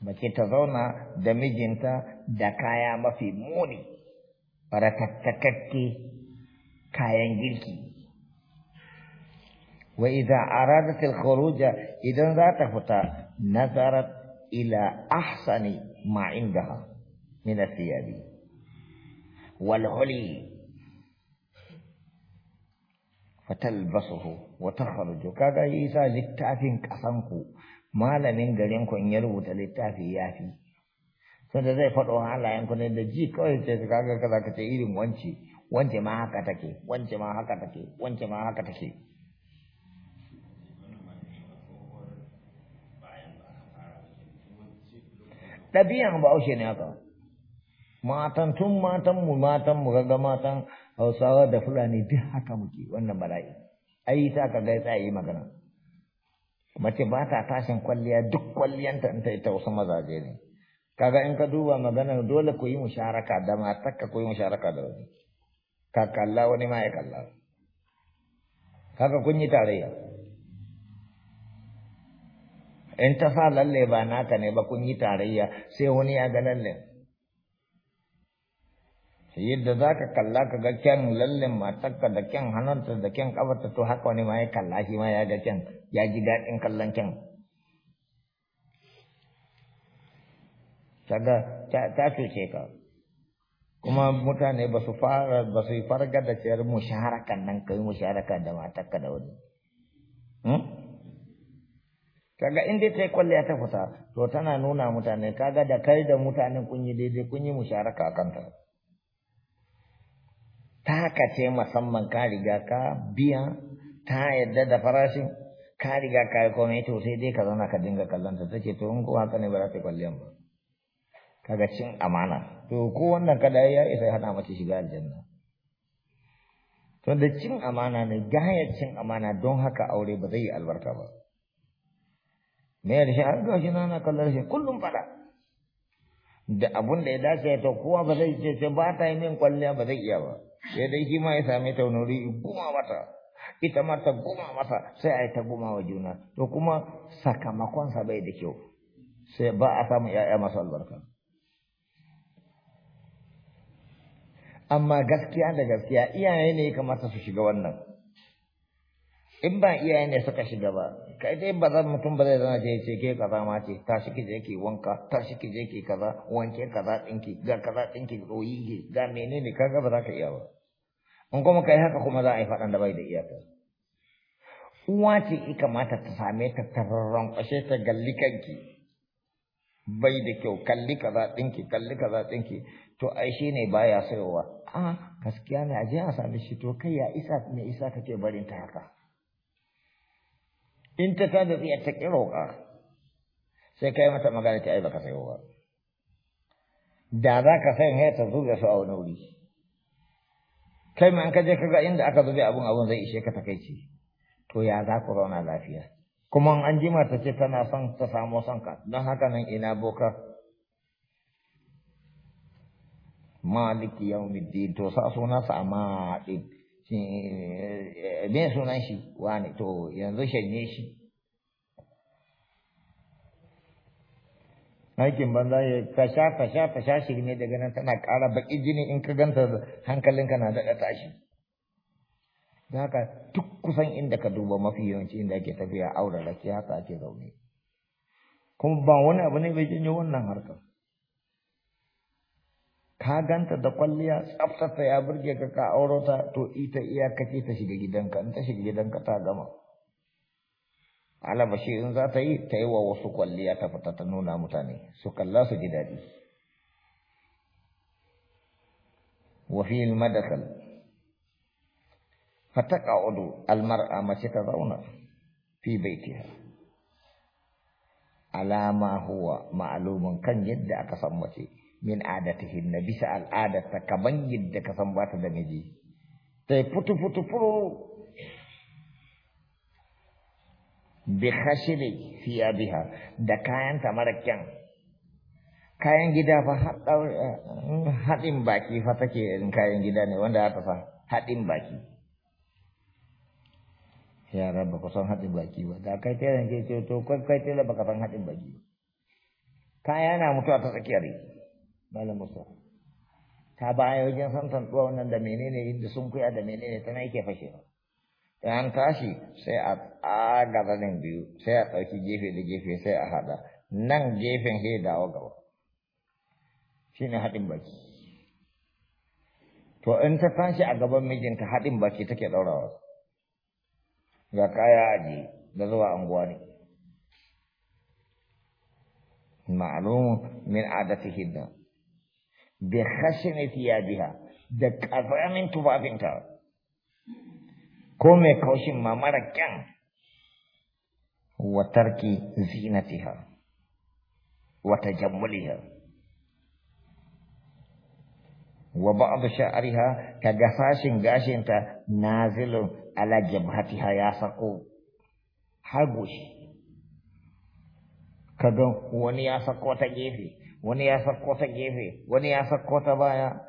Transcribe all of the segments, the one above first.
mace ta zauna da mijinta da kaya mafi muni ratattakakke kayan girki wa idza aradat al-khuruj idan za ta fita nazarat ila ahsani ma indaha min athiyabi wal huli fatalbasuhu wa takhruju kaga yisa littafin kasanku malamin garin ku in ya rubuta littafi ya fi sanda zai faɗo halayen ku ne da ji kawai ce ka ga kaza ka ce irin wance wance ma haka take wance ma haka take wance ma haka take ɗabi'an bahaushe ne haka matan tun matan mu matan mu ga matan hausawa da fulani duk haka muke wannan bala'i ai ta ka ga tsaye magana mace ba ta tashin kwalliya duk kwalliyanta in ta ita wasu mazaje ne kaga in ka duba magana dole ku yi musharaka da ka ku yi musharaka da wani ka kalla wani ma ya kalla kaga kun yi tarayya in ta sa lalle ba naka ne ba kun yi tarayya sai wani ya ga lalle yadda za ka kalla ka ga kyan lallin matarka da kyan hannunta da kyan kabarta to haka wani ma ya kalla shi ma ya ga kyan ya ji daɗin kallon kyan kaga ta cuce ka kuma mutane ba su fara ba su yi farga da ciyar musharakan nan kai musharaka da matarka da wani hmm? kaga in dai ta yi kwalliya ta fita to tana nuna mutane kaga da kai da mutanen kun yi daidai kun yi musharaka a kanta ta kace musamman ka riga ka biya ta yadda da farashin ka riga ka yi komai to sai dai ka zauna ka dinga kallon ta take to in ko haka ne ba za ta yi kwalliyan ba kaga cin amana to ko wannan kada ya isa ya hana mace shiga aljanna to da cin amana ne gaya cin amana don haka aure ba zai yi albarka ba me ya shi an gashi na na kallon shi kullum fada da abun da ya dace ta kowa ba zai ce ba ta yi min kwalliya ba zai iya ba sai dai shi ma ya sami ta wani guma mata ita ma ta guma mata sai a yi ta guma wa juna to kuma sakamakonsa bai da kyau sai ba a samu ‘ya'ya masu albarka amma gaskiya da gaskiya iyaye ne ya kamata su shiga wannan in ba iyaye ne suka shiga ba kai dai ba zan mutum ba zai zana je ce ke kaza ma ce ta shi je ki wanka ta shi je ki kaza wanke kaza dinki ga kaza dinki doyi ki ga menene kaga ba za ka iya ba in kuma kai haka kuma za a yi faɗan da bai da iyaka uwa ce i kamata ta same ta tararron kashe ta galli kanki bai da kyau kalli kaza dinki kalli kaza dinki to ai shi ne baya sayowa a gaskiya ne a je a same shi to kai ya isa me isa kake barin ta haka in ta tada ta ƙi roƙa sai kai mata magana ta ai baka sayo ba da za ka san ya ta zuga su a wani wuri kai ma in ka je ka ga inda aka zube abun abun zai ishe ka takaici to ya za ku zauna lafiya kuma an jima ta ce tana son ta samu son ka don haka nan ina boka maliki yawmiddin to sa sunansa amma Eh, eh, eh, me sunan shi wani to yanzu shanye shi aikin banza ya fasha fasha fasha ne daga nan tana ƙara baƙi jini in ka ganta hankalinka na daɗa tashi da haka duk kusan inda ka duba mafi yawanci inda ake tafiya aure rake haka ake zaune kuma ba wani abu ne bai janyo wannan harkar ka ganta da kwalliya tsaftata ya burge ka ka auro ta to ita ce ta shiga gidanka in ta shiga gidanka ta gama alaba shi in za ta yi ta yi wa wasu kwalliya ta fita ta nuna mutane su kalla su ji daɗi وفي المدخل a mace ta zauna bai بيتها alama huwa ma'alumin kan yadda aka san mace min adatihin na bisa al'adarta kaman yadda ka san bata da miji sai futu futu furu bi khashibi fiya abiha da kayan ta marakyan kayan gida fa eh, haɗin baki fa take irin kayan gida ne wanda aka fa haɗin baki ya ba ku san haɗin baki ba da kai tela ke ce to kai kai tela baka san haɗin baki kaya na mutuwa ta tsakiyar malam musa ta baya wajen santan ɗuwa wannan da menene yadda sun kuya da menene ta na yake fashewa in an tashi sai a tsaga zanen biyu sai a ɗauki gefe da gefe sai a haɗa nan gefen sai dawo gaba shi ne haɗin baki to in ta tashi a gaban mijinta haɗin baki take ɗaurawa ga kaya aji da zuwa anguwa ne ma'alumu min adatihin nan bi khashini thiyabiha da ƙazamin tufafinta ko mai kaushin ma mara kyan wa tarki zinatiha wa tajammuliha wa ba'd sha'riha kaga sashin gashinta nazilun ala jabhatiha ya sako har goshi kaga wani ya sako ta gefe wani ya sarko ta gefe wani ya sarko ta baya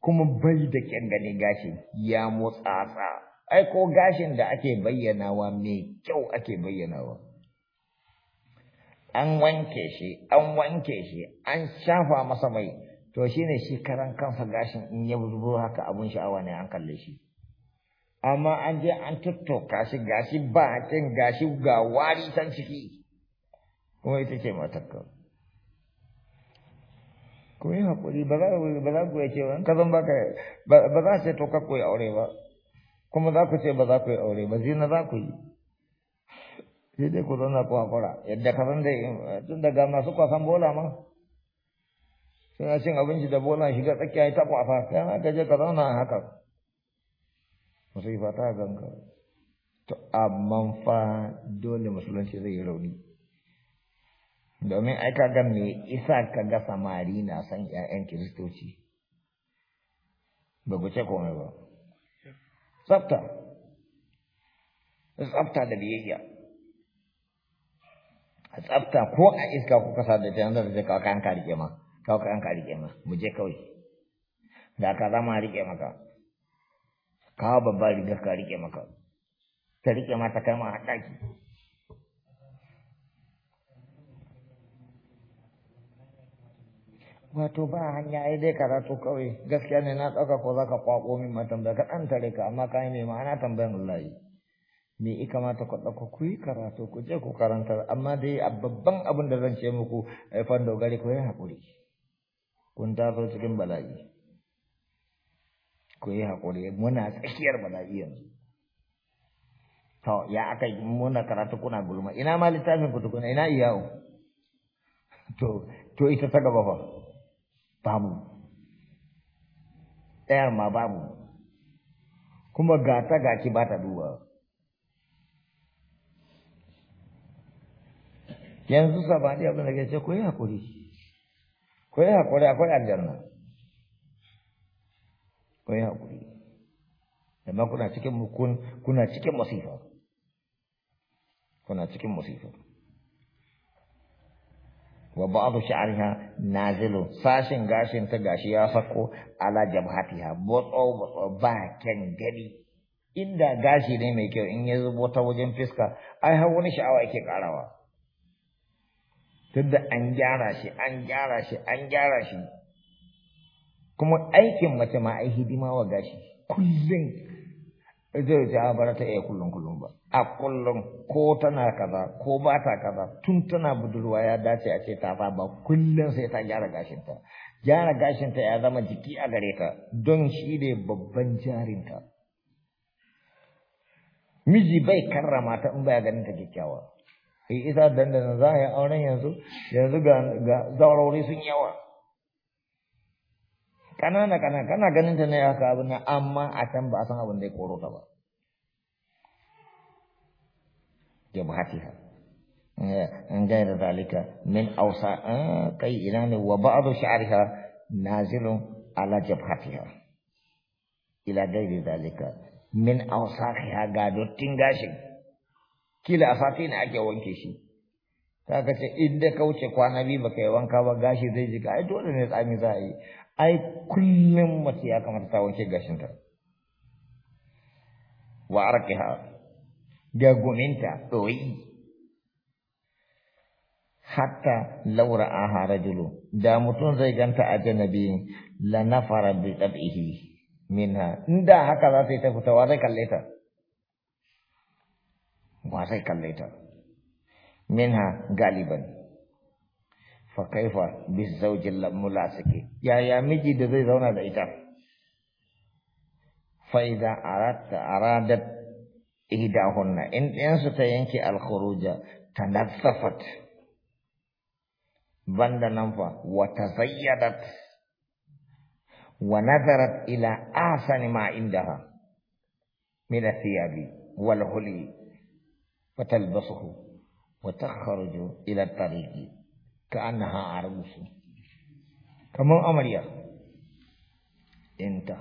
kuma bai da kyan gani gashi ya motsatsa ai ko gashin da ake bayyanawa mai kyau ake bayyanawa an wanke shi an wanke shi an shafa masa mai to shine shi karan kansa gashin in ya zubo haka abun sha'awa ne an kalle shi amma an je an tuttoka shi gashi ba hakin gashi ga wari can ciki kuma ita ce matakka ku yi haƙuri ba za ku ya ce wani kazan ba ka ba za ce to ka koyi aure ba kuma za ku ce ba za ku yi aure ba zina za ku yi sai dai ku zauna ku hakura yadda ka san dai tun daga masu kwasan bola ma suna cin abinci da bola shiga tsakiya ta kwafa sai haka je ka zauna a haka yi ta ganka to amma fa dole musulunci zai yi rauni domin ai kaga me isa kaga samari na san ƴaƴan kiristoci ba ku ce komai ba tsafta tsafta da biyayya tsafta ko a iska ko kasa da ta da ta kawo kanka rike ma kawo kanka rike ma mu je kawai da ka zama rike maka kawo babba rigar ka rike maka ta rike ma ta kai ma a ɗaki wato ba hanya ai dai karatu kawai gaskiya ne na tsaka ko za ka kwaƙo min ma tambaya ka ɗan tare ka amma ka yi mai ma'ana tambayan wallahi me ya kamata ku ɗauka ku yi karatu ku je ku karanta amma dai a babban abin da zan ce muku haifan dogari ku yi haƙuri kun taso cikin bala'i ku yi haƙuri muna tsakiyar bala'i yanzu to ya aka yi muna karatu kuna gulma ina ma littafin ku tukuna ina iyawo to to ita ta gaba fa Bamu, ɗayar ma babu kuma ga ta gaci ba ta duba yanzu sabani abin da ke ce ku yi haƙuri ko yi haƙuri akwai aljanna ko yi haƙuri amma kuna cikin kuna cikin masifa kuna cikin masifa wa ba'du sha'riha nazilu sashin gashin ta gashi ya sako ala jabhatiha botso botso ba ken gadi inda gashi ne mai kyau in ya zubo ta wajen fiska ai har wani sha'awa yake karawa tunda an gyara shi an gyara shi an gyara shi kuma aikin mace ma ai hidima wa gashi kullum zai ja bara ta iya kullum kullum ba a kullum ko tana kaza ko ba ta kaza tun tana budurwa ya dace a ce ta fa ba kullum sai ta gyara gashinta gyara gashinta ya zama jiki a gare ta don shi ne babban jarinta miji bai karrama ta in baya ganin ta kyakkyawa sai isa dandana za a yi auren yanzu yanzu ga zaurauri sun yawa kanana kana kana ganin ta ne ka abin nan amma a can ba a san abin da ya koro ta ba hati ha in da zalika min ausa kai ina ne wa ba ba'du ha nazilun ala hati ha, ila da zalika min ausa ha ga dottin gashin kila a sati ne ake wanke shi kaga ce in da kauce kwana biyu baka yi wanka ba gashi zai jika ai dole ne tsami za a yi ai kullum mace ya kamata ta wanke gashinta wa arkiha da gominta tsoyi hatta laura aha rajulu da mutum zai ganta a janabi la nafara bi tabihi minha inda haka za ta yi ta zai kalle ta wa zai kalle ta minha galiban فكيف بالزوج الملاصق يا يا ميجي دزي زونا بيتا فاذا اردت ارادت اهداهن ان ان ستينك الخروج تنظفت بند نمفا وتزيدت ونظرت الى احسن ما عندها من الثياب والهلي وتلبسه وتخرج الى الطريق ka annaha arbusu kamar amarya inta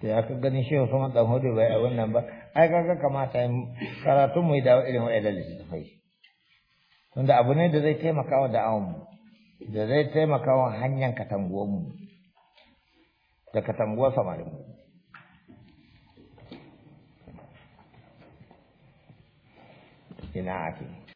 to ya ka gani shehu kuma dan hudu bai a wannan ba ai kaga yi karatun mu da irin wa'ilal littafai tunda abu ne da zai taimaka wa da'awun da zai taimaka wa hanyar katanguwan mu da katanguwar samarin mu ina ake